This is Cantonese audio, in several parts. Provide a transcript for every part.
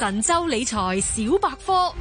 神州理財小百科。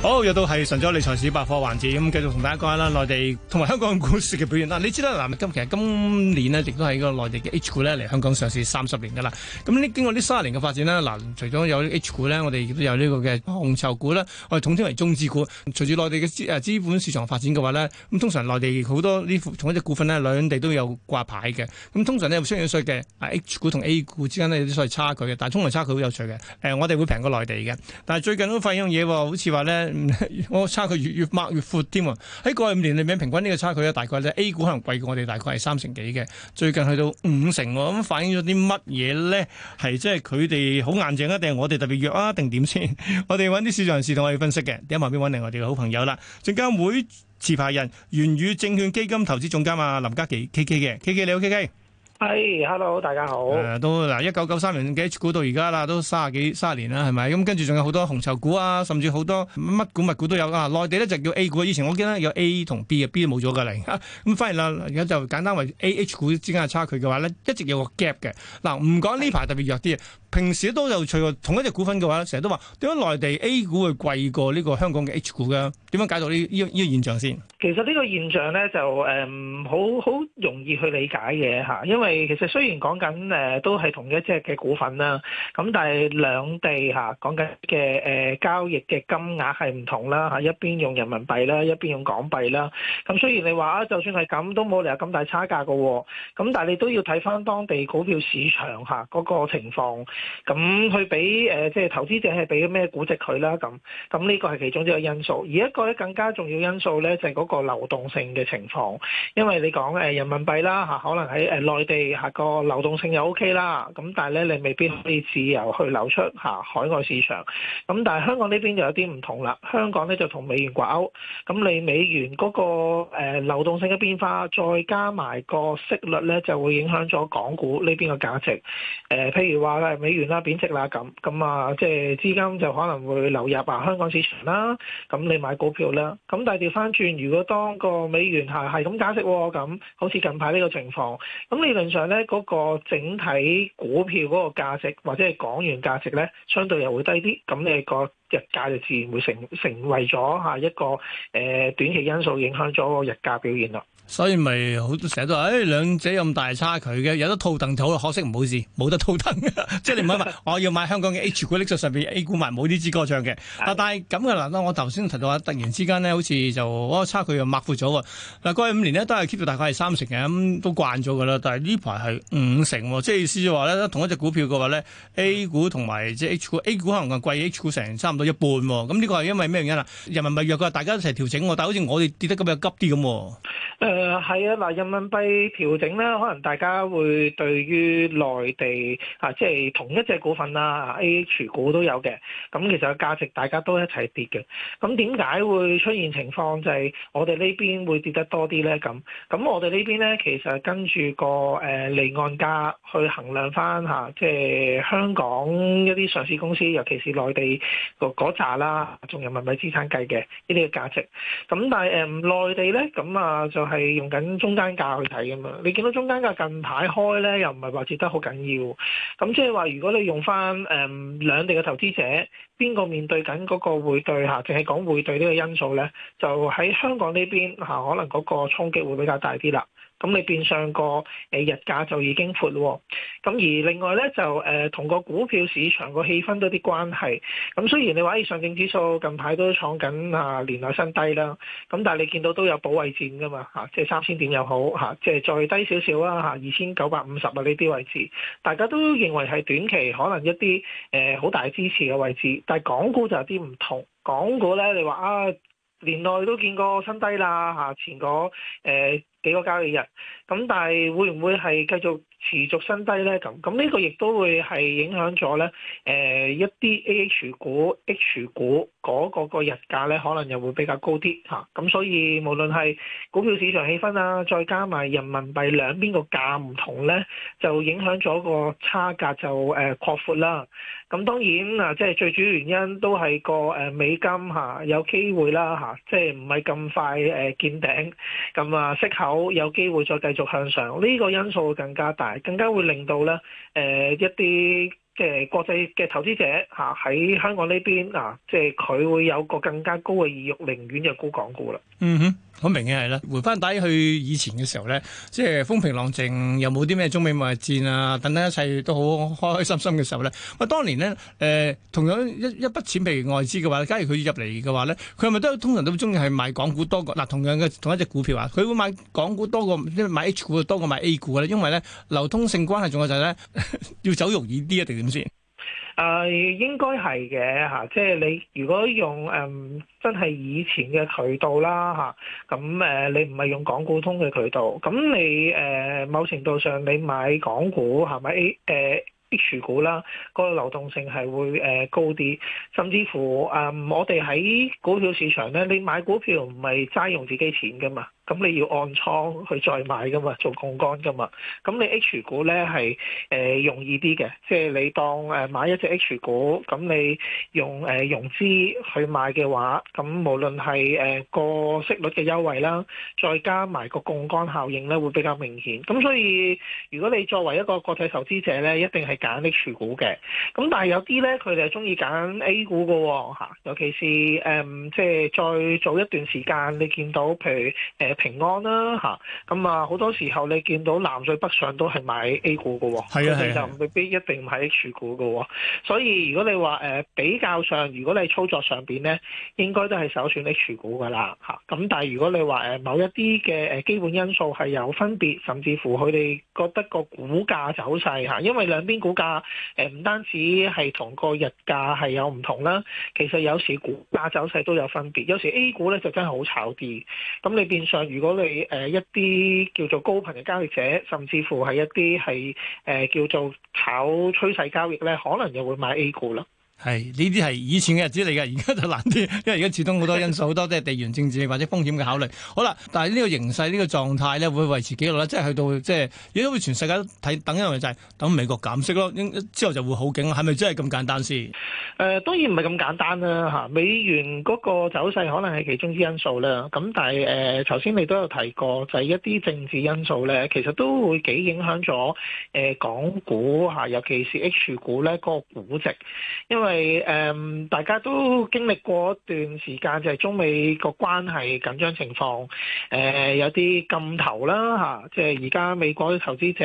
好、oh，又到係神州理財小百科環節，咁繼續同大家講下啦，內地同埋香港股市嘅表現啦。你知道啦，嗱，今期今年呢，亦都係個內地嘅 H 股咧嚟香港上市三十年噶啦。咁呢經過呢三十年嘅發展啦，嗱，除咗有 H 股咧，我哋亦都有呢個嘅紅籌股啦，我哋統稱為中資股。隨住內地嘅資本市場發展嘅話咧，咁通常內地好多呢同一隻股份咧，兩地都有掛牌嘅。咁通常咧，雖然有相應嘅 H 股同 A 股之間咧有啲所謂差距嘅，但係通常差距好有趣嘅。誒，我哋會平過內地嘅，但係最近都發現樣嘢，好似話咧。 我差距越越擘越闊添喎，喺過去五年裏面平均呢個差距咧，大概咧 A 股可能貴過我哋，大概係三成幾嘅，最近去到五成咯。咁反映咗啲乜嘢咧？係即係佢哋好硬淨啊，定係我哋特別弱啊，定點先？ 我哋揾啲市場人士同我哋分析嘅，喺旁邊揾嚟我哋嘅好朋友啦，證監會持牌人元宇證券基金投資總監阿林嘉麒 K K 嘅，K K 你好，K K。KK 係、hey，hello，大家好。誒，都嗱，一九九三年嘅 H 股到而家啦，都卅幾卅年啦，係咪？咁跟住仲有好多紅籌股啊，甚至好多乜股乜股都有啊。內地咧就叫 A 股，以前我記得有 A 同 B，B 都冇咗噶嚟咁反而啦，而家就簡單為 A、H 股之間嘅差距嘅話咧，一直有一個 gap 嘅。嗱、啊，唔講呢排特別弱啲。平時都又除同一隻股份嘅話，成日都話點解內地 A 股會貴過呢個香港嘅 H 股嘅？點樣解到呢呢呢個現象先？其實呢個現象咧就誒好好容易去理解嘅嚇，因為其實雖然講緊誒都係同一隻嘅股份啦，咁但係兩地嚇講緊嘅誒交易嘅金額係唔同啦嚇，一邊用人民幣啦，一邊用港幣啦。咁雖然你話就算係咁都冇理由咁大差價嘅喎。咁但係你都要睇翻當地股票市場嚇嗰個情況。咁佢俾誒即係投資者係俾咩估值佢啦咁，咁呢個係其中一個因素。而一個咧更加重要因素咧就係、是、嗰個流動性嘅情況，因為你講誒人民幣啦，可能喺誒內地個流動性又 O K 啦，咁但係咧你未必可以自由去流出嚇海外市場。咁但係香港呢邊就有啲唔同啦，香港咧就同美元掛鈎，咁你美元嗰個誒流動性嘅變化，再加埋個息率咧，就會影響咗港股呢邊嘅價值。呃、譬如話咧，美元啦貶值啦咁咁啊，即係資金就可能會流入啊香港市場啦。咁你買股票啦。咁但係調翻轉，如果當個美元係係咁價值，咁，好似近排呢個情況，咁理論上咧嗰個整體股票嗰個價值或者係港元價值咧，相對又會低啲。咁你個日價就自然會成成為咗吓一個誒短期因素影響咗個日價表現啦。所以咪好成日都話，誒、哎，兩者有咁大差距嘅，有得套凳就好，可惜唔好意思，冇得套凳。即係你唔係話， 我要買香港嘅 H 股，列出上邊 A 股買冇呢支歌唱嘅、哎。啊，但係咁嘅嗱，我頭先提到話，突然之間呢，好似就嗰個差距又抹闊咗啊。嗱，過去五年呢，都係 keep 到大概係三成嘅，咁都慣咗噶啦。但係呢排係五成，即係意思就話咧，同一隻股票嘅話咧，A 股同埋即係 H 股，A 股可能貴、啊、H 股成差唔多一半。咁、嗯、呢、這個係因為咩原因啊？人民幣弱，佢話大家一齊調整，但係好似我哋跌得咁又急啲咁。誒、嗯、係啊！嗱，人民幣調整咧，可能大家會對於內地啊，即、就、係、是、同一隻股份啦、啊、AH 股都有嘅。咁其實個價值大家都一齊跌嘅。咁點解會出現情況就係、是、我哋呢邊會跌得多啲咧？咁咁我哋呢邊咧，其實跟住個誒離岸價去衡量翻吓，即、就、係、是、香港一啲上市公司，尤其是內地個嗰扎啦，仲有人民幣資產計嘅呢啲嘅價值。咁但係誒、嗯、內地咧，咁啊就～係用緊中間價去睇㗎嘛。你見到中間價近排開呢，又唔係話設得好緊要，咁即係話如果你用返、嗯、兩地嘅投資者，邊個面對緊嗰個匯兌嚇？淨係講匯兌呢個因素呢，就喺香港呢邊嚇，可能嗰個衝擊會比較大啲啦。咁你變相個日價就已經闊喎，咁而另外咧就同個、呃、股票市場個氣氛都啲關係。咁雖然你話以上證指數近排都創緊啊年內新低啦，咁但係你見到都有保衞戰㗎嘛、啊、即係三千點又好、啊、即係再低少少啦嚇，二千九百五十啊呢啲、啊、位置，大家都認為係短期可能一啲誒好大支持嘅位置。但係港股就有啲唔同，港股咧，你話啊年內都見過新低啦、啊、前個、呃幾個交易日，咁但係會唔會係繼續？持續新低咧，咁咁呢個亦都會係影響咗咧，誒、呃、一啲 A H 股、H 股嗰個個日價咧，可能又會比較高啲嚇。咁所以無論係股票市場氣氛啊，再加埋人民幣兩邊個價唔同咧，就影響咗個差價就誒擴、呃、闊啦。咁當然啊，即、就、係、是、最主要原因都係個誒美金嚇、啊、有機會啦嚇，即係唔係咁快誒見頂咁啊息口有機會再繼續向上，呢、這個因素會更加大。係更加會令到咧，誒、呃，一啲。即係國際嘅投資者嚇喺香港呢邊啊，即係佢會有個更加高嘅意欲寧願就沽港股啦。嗯哼，好明顯係啦。回翻底去以前嘅時候咧，即係風平浪靜，又冇啲咩中美貿易戰啊，等等一切都好開開心心嘅時候咧。我當年呢，誒同樣一一筆錢譬如外資嘅話，假如佢入嚟嘅話咧，佢係咪都通常都中意係買港股多過嗱同樣嘅同一隻股票啊？佢會買港股多過買 H 股多過買 A 股啦，因為咧流通性關係，仲有就係咧 要走容易啲啊定？先，誒，應該係嘅吓，即係你如果用誒、嗯、真係以前嘅渠道啦吓，咁、啊、誒你唔係用港股通嘅渠道，咁你誒、呃、某程度上你買港股係咪 A 誒 H 股啦？個流動性係會誒、呃、高啲，甚至乎誒、嗯、我哋喺股票市場咧，你買股票唔係齋用自己錢噶嘛。咁你要按倉去再買噶嘛，做槓桿噶嘛。咁你 H 股咧係、呃、容易啲嘅，即係你當誒買一隻 H 股，咁你用、呃、融資去買嘅話，咁無論係誒個息率嘅優惠啦，再加埋個槓桿效應咧，會比較明顯。咁所以如果你作為一個國際投資者咧，一定係揀 H 股嘅。咁但係有啲咧，佢哋係中意揀 A 股噶喎、哦，尤其是誒即係再早一段時間，你見到譬如、呃平安啦吓咁啊好多時候你見到南水北上都係買 A 股嘅、啊，佢哋、啊、就未必一定買 H 股嘅、啊啊。所以如果你話、呃、比較上，如果你操作上面咧，應該都係首選 H 股㗎啦吓。咁但係如果你話、呃、某一啲嘅基本因素係有分別，甚至乎佢哋覺得個股價走勢、啊、因為兩邊股價、呃、唔單止係同個日價係有唔同啦，其實有時股價走勢都有分別。有時 A 股咧就真係好炒啲，咁你變相。如果你誒一啲叫做高頻嘅交易者，甚至乎係一啲係誒叫做炒趨勢交易咧，可能又會買 A 股啦。係呢啲係以前嘅日子嚟嘅，而家就難啲，因為而家始終好多因素，好 多都係地緣政治或者風險嘅考慮。好啦，但係呢個形勢、這個、呢個狀態咧，會維持幾耐咧？即係去到即係，如果全世界睇等一樣就係、是、等美國減息咯，之後就會好景，係咪真係咁簡單先？誒、呃，當然唔係咁簡單啦、啊、吓、啊，美元嗰個走勢可能係其中之一因素啦。咁但係誒，頭、呃、先你都有提過，就係、是、一啲政治因素咧，其實都會幾影響咗誒港股吓、啊，尤其是 H 股咧嗰、那個估值，因為。係誒、嗯，大家都經歷過一段時間，就係、是、中美個關係緊張情況，誒、呃、有啲禁投啦、啊、即係而家美國啲投資者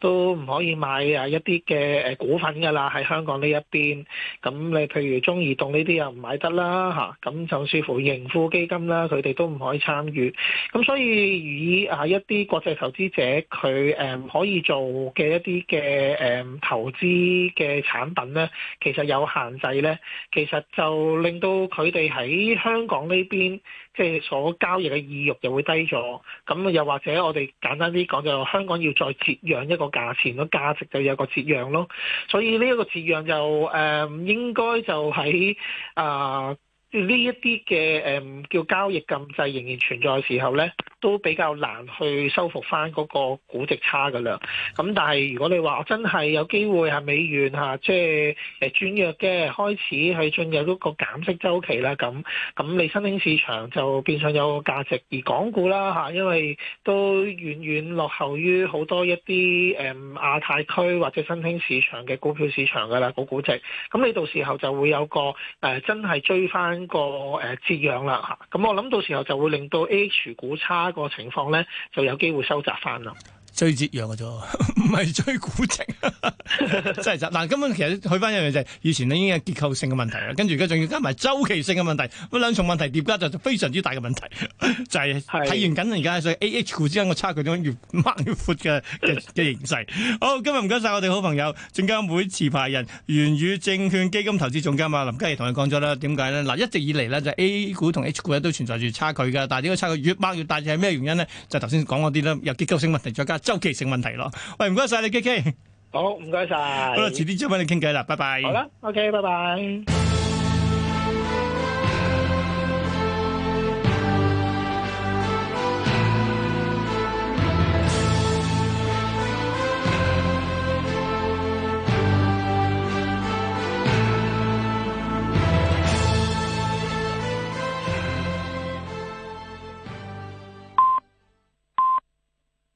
都唔可以買啊一啲嘅股份㗎啦，喺香港呢一邊。咁你譬如中移動呢啲又唔買得啦，咁就似乎盈富基金啦，佢哋都唔可以參與。咁所以以啊一啲國際投資者佢誒、嗯、可以做嘅一啲嘅誒投資嘅產品咧，其實有限制咧，其實就令到佢哋喺香港呢邊，即係所交易嘅意欲就會低咗。咁又或者我哋簡單啲講，就香港要再折讓一個價錢咯，價值就有個折讓咯。所以呢一個折讓就誒、呃，應該就喺啊呢一啲嘅誒叫交易禁制仍然存在嘅時候咧，都比較難去收復翻嗰個估值差噶啦。咁但係如果你話我真係有機會係美元即係誒轉弱嘅開始去進入嗰個減息周期啦。咁咁你新興市場就變相有個價值，而港股啦因為都遠遠落後於好多一啲、嗯、亞太區或者新興市場嘅股票市場噶啦、個估值。咁你到時候就會有個、啊、真係追翻個誒折讓啦，咁我諗到時候就會令到 AH 股差。這個情況咧就有機會收集翻啦，追折讓嘅啫，唔係追估值。 真係就嗱，根本其實去翻一樣就係以前呢已經有結構性嘅問題啦，跟住而家仲要加埋周期性嘅問題，咁兩重問題疊加就非常之大嘅問題，就係、是、睇完緊而家所以 A H 股之間個差距咧越掹越闊嘅嘅形勢。 好，今日唔該晒我哋好朋友證監會持牌人元宇證券基金投資總監啊林嘉麒，同你講咗啦，點解呢？嗱，一直以嚟呢，就 A 股同 H 股都存在住差距嘅，但係呢個差距越掹越大，係咩原因呢？就頭先講嗰啲啦，有結構性問題，再加周期性問題咯。喂，唔該晒你、KK，好，唔該晒。好啦，遲啲再搵你傾偈啦，拜拜。好啦，OK，拜拜。